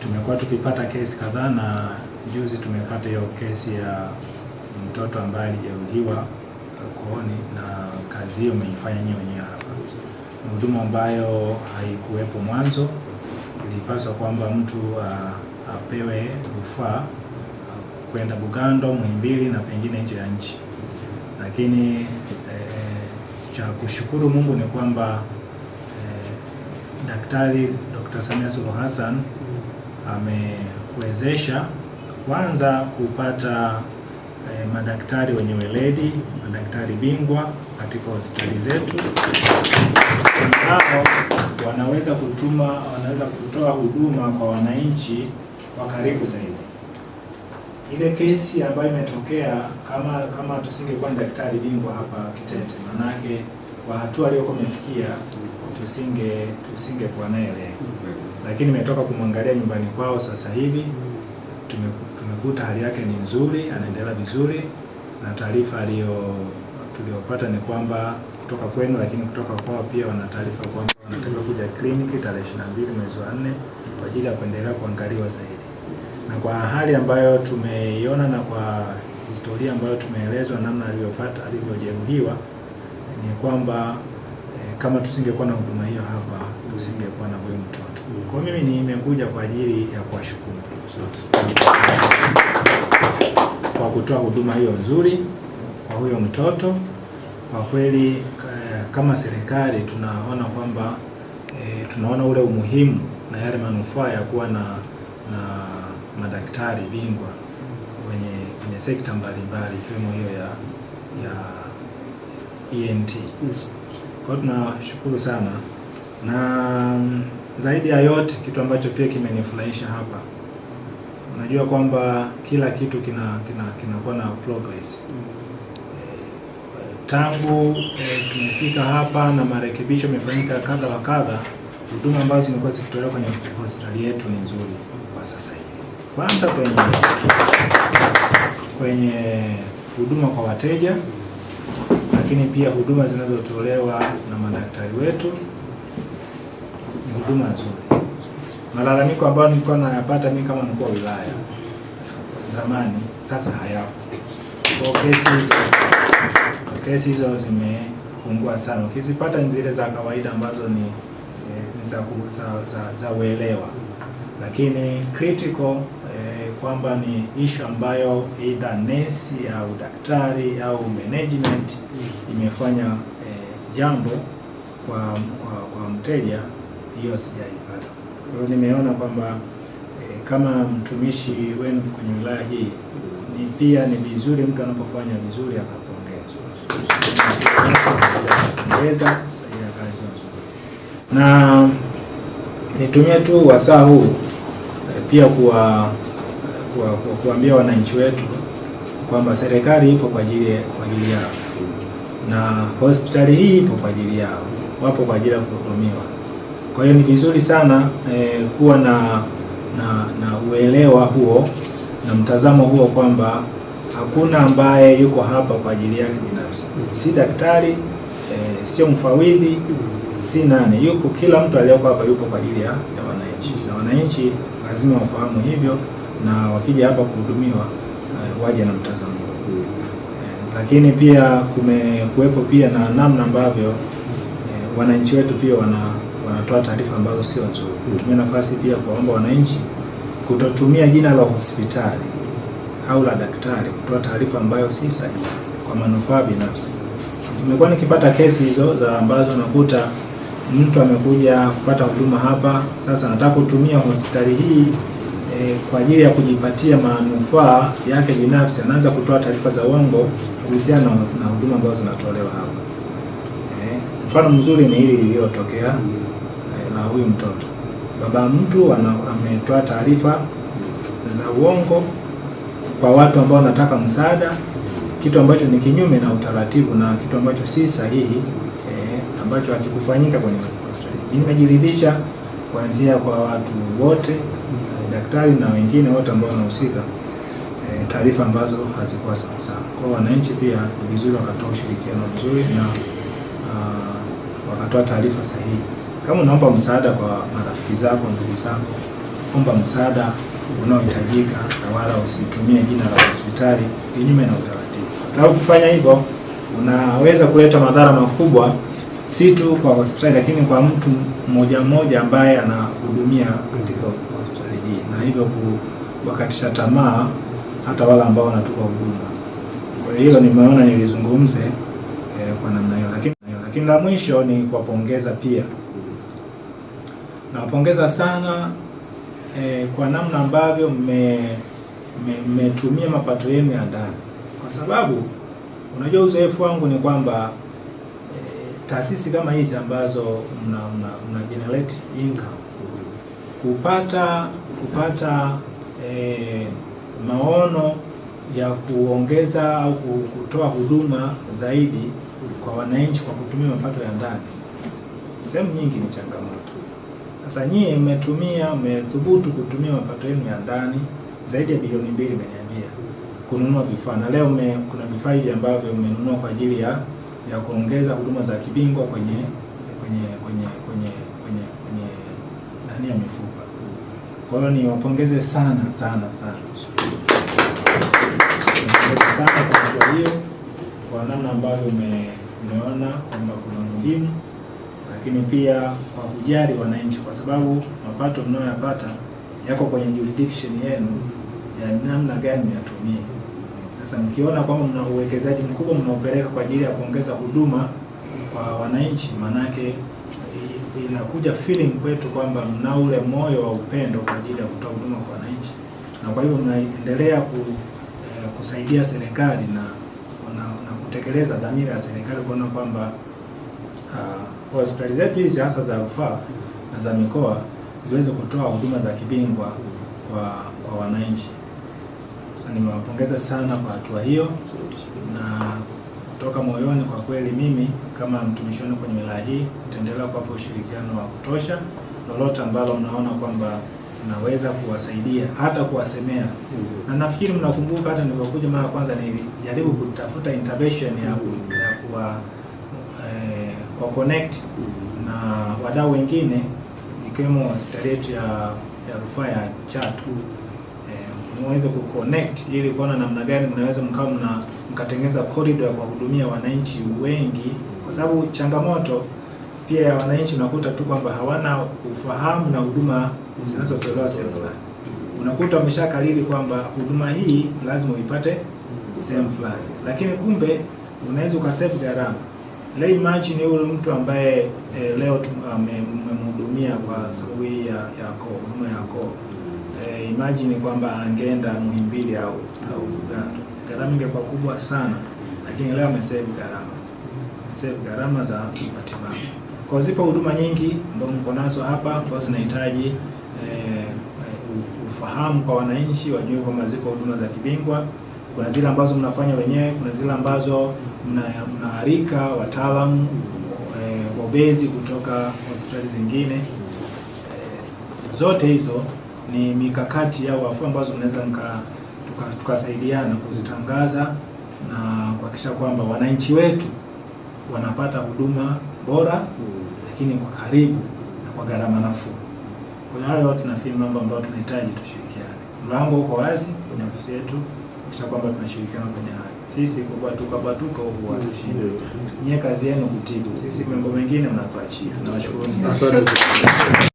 tumekuwa tukipata kesi kadhaa na juzi tumepata hiyo kesi ya mtoto ambaye alijeruhiwa uh, kooni, na kazi hiyo umeifanya nyinyi wenyewe hapa. Ni huduma ambayo haikuwepo mwanzo, ilipaswa kwamba mtu a, uh, apewe rufaa uh, kwenda Bugando, Muhimbili na pengine nje ya nchi, lakini e, cha kushukuru Mungu ni kwamba e, Daktari Dr. Samia Suluhu Hassan amewezesha kwanza kupata eh, madaktari wenye weledi, madaktari bingwa katika hospitali zetu ambao wanaweza kutuma, wanaweza kutoa huduma kwa wananchi kwa karibu zaidi. Ile kesi ambayo imetokea, kama kama tusingekuwa ni daktari bingwa hapa Kitete, manake kwa hatua aliyokuwa imefikia tusinge tusingekuwa naye leo lakini nimetoka kumwangalia nyumbani kwao sasa hivi, tumekuta hali yake ni nzuri, anaendelea vizuri, na taarifa aliyo tuliyopata ni kwamba kutoka kwenu, lakini kutoka kwao pia wana taarifa kwamba wanatakiwa kuja kliniki tarehe 22 mwezi wa 4 kwa ajili ya kuendelea kuangaliwa zaidi, na kwa hali ambayo tumeiona na kwa historia ambayo tumeelezwa namna aliyopata alivyojeruhiwa ni kwamba eh, kama tusingekuwa na huduma hiyo hapa, tusingekuwa na huyu mtoto. Kwa mimi nimekuja kwa ajili ya kuwashukuru kwa kutoa huduma hiyo nzuri kwa huyo mtoto. Kwa kweli eh, kama serikali tunaona kwamba e, tunaona ule umuhimu na yale manufaa ya kuwa na na madaktari bingwa kwenye kwenye sekta mbalimbali ikiwemo hiyo ya ya ENT. Kwa hiyo tunashukuru sana na zaidi ya yote, kitu ambacho pia kimenifurahisha hapa, unajua kwamba kila kitu kina kinakuwa kina na progress eh, tangu e, tumefika hapa na marekebisho yamefanyika kadha wa kadha. Huduma ambazo zimekuwa zikitolewa kwenye hospitali yetu ni nzuri kwa sasa hivi, kwanza kwenye kwenye huduma kwa wateja, lakini pia huduma zinazotolewa na madaktari wetu huduma nzuri. Malalamiko ambayo nilikuwa nayapata mimi kama mkuu wa wilaya zamani, sasa hayapo. Kwa kesi hizo, kesi hizo zimepungua sana. Ukizipata nzile zile za kawaida ambazo ni eh, za, za, za, za uelewa, lakini critical eh, kwamba ni ishu ambayo either nesi au daktari au management imefanya eh, jambo kwa, kwa, kwa mteja hiyo sijaipata. Kwa hiyo nimeona kwamba e, kama mtumishi wenu kwenye wilaya hii ni pia ni vizuri mtu anapofanya vizuri akapongezwa, kupongeza ya kazi nzuri, na nitumie tu wasaa huu eh, pia kuwa kuambia wananchi wetu kwamba serikali ipo kwa ajili kwa ajili yao na hospitali hii ipo kwa ajili yao, wapo kwa ajili ya kuhudumiwa. Kwa hiyo ni vizuri sana eh, kuwa na, na na uelewa huo na mtazamo huo kwamba hakuna ambaye yuko hapa kwa ajili yake binafsi, si daktari eh, sio mfawidhi, si nani, yuko kila mtu aliyoko hapa yuko kwa ajili ya wananchi, na wananchi lazima wafahamu hivyo, na wakija hapa kuhudumiwa eh, waje na mtazamo huo eh, lakini pia kumekuwepo pia na namna ambavyo eh, wananchi wetu pia wana wanatoa taarifa ambazo sio nzuri. tumia nafasi pia kuwaomba wananchi kutotumia jina la hospitali au la daktari kutoa taarifa ambayo si sahihi kwa manufaa binafsi. Tumekuwa nikipata kesi hizo za ambazo nakuta mtu amekuja kupata huduma hapa, sasa anataka kutumia hospitali hii e, kwa ajili ya kujipatia manufaa yake binafsi, anaanza kutoa taarifa za uongo kuhusiana na huduma ambazo zinatolewa hapa. Eh, mfano mzuri ni hili lililotokea na huyu mtoto. Baba mtu ametoa taarifa za uongo kwa watu ambao wanataka msaada, kitu ambacho ni kinyume na utaratibu na kitu ambacho si sahihi eh, ambacho hakikufanyika kwenye hospitali. Nimejiridhisha kuanzia kwa watu wote eh, daktari na wengine wote ambao wanahusika e, taarifa ambazo hazikuwa sawa sawa. Kwa wananchi pia ni vizuri wakatoa ushirikiano mzuri na uh, wakatoa taarifa sahihi. Kama unaomba msaada kwa marafiki zako, ndugu zako, omba msaada unaohitajika na wala usitumie jina la hospitali kinyume na utaratibu, kwa sababu ukifanya hivyo unaweza kuleta madhara makubwa, si tu kwa hospitali, lakini kwa mtu mmoja mmoja ambaye anahudumia katika hospitali hii, na hivyo kuwakatisha tamaa hata wale ambao wanatupa huduma. Kwa hilo nimeona nilizungumze eh, kwa namna hiyo, lakini lakini la mwisho ni kuwapongeza pia Nawapongeza sana e, kwa namna ambavyo mmetumia mapato yenu ya ndani, kwa sababu unajua uzoefu wangu ni kwamba e, taasisi kama hizi ambazo mna, mna, mna generate income kupata kupata e, maono ya kuongeza au kutoa huduma zaidi kwa wananchi kwa kutumia mapato ya ndani, sehemu nyingi ni changamoto. Sasa nyie mmetumia mmethubutu kutumia mapato yenu ya ndani zaidi ya bilioni mbili mmeniambia kununua vifaa, na leo me, kuna vifaa hivi ambavyo mmenunua kwa ajili ya ya kuongeza huduma za kibingwa kwenye kwenye kwenye kwenye kwenye kwenye ndani ya mifupa. Kwa hiyo niwapongeze sana sana sana sana kwa hiyo kwa namna ambavyo umeona kwamba kuna muhimu lakini pia kwa kujali wananchi, kwa sababu mapato mnayoyapata yako kwenye jurisdiction yenu ya namna gani mnatumia. Sasa mkiona kwamba mna uwekezaji mkubwa mnaopeleka kwa ajili ya kuongeza huduma kwa wananchi, maanake inakuja feeling kwetu kwamba mna ule moyo wa upendo kwa ajili ya kutoa huduma kwa wananchi, na kwa hivyo mnaendelea ku, eh, kusaidia serikali na, na, na kutekeleza dhamira ya serikali kuona kwamba Uh, hospitali zetu hizi hasa za rufaa na za mikoa ziweze kutoa huduma za kibingwa kwa, kwa wananchi. Sasa nimewapongeza sana kwa hatua hiyo na kutoka moyoni, kwa kweli mimi kama mtumishi wenu kwenye wilaya hii nitaendelea kuwapa ushirikiano wa kutosha. Lolote ambalo mnaona kwamba naweza kuwasaidia hata kuwasemea mm -hmm. Na nafikiri mnakumbuka hata nilipokuja mara kwanza nilijaribu kutafuta intervention ya, ya kuwa kwa connect mm-hmm. na wadau wengine ikiwemo hospitali yetu ya ya rufaa ya Chatu eh, muweze connect ili kuona namna gani mnaweza mkawa mna mkatengeneza corridor ya kuwahudumia wananchi wengi, kwa sababu changamoto pia ya wananchi unakuta tu kwamba hawana ufahamu na huduma zinazotolewa sehemu fulani. Unakuta umeshakalili kwamba huduma hii lazima uipate mm-hmm. sehemu fulani, lakini kumbe unaweza ukasave gharama le imagine yule mtu ambaye e, leo tumemhudumia kwa sababu hii ya yako huduma yako e, eh, imagine kwamba angeenda Muhimbili au au Uganda, gharama ingekuwa kubwa sana, lakini leo amesave gharama, save gharama za matibabu. Kwa zipo huduma nyingi ambazo mko nazo hapa ambazo zinahitaji e, ufahamu kwa wananchi wajue kwamba ziko huduma za kibingwa kuna zile ambazo mnafanya wenyewe, kuna zile ambazo mnaharika mna wataalamu e, eh, wabobezi kutoka hospitali zingine e, zote hizo ni mikakati au afua ambazo mnaweza tukasaidiana tuka kuzitangaza na kuhakikisha kwamba wananchi wetu wanapata huduma bora, lakini kwa karibu na kwa gharama nafuu. Kwa hiyo hayo tunafikiri mambo ambayo tunahitaji tushirikiane. Mlango uko wazi kwenye ofisi yetu kuhakikisha kwamba tunashirikiana kwenye haya. Sisi kubwatukabwatuka huwa mm. tushinde. Nyie kazi yenu kutibu, sisi mambo mengine mnatuachia. Nawashukuru sana.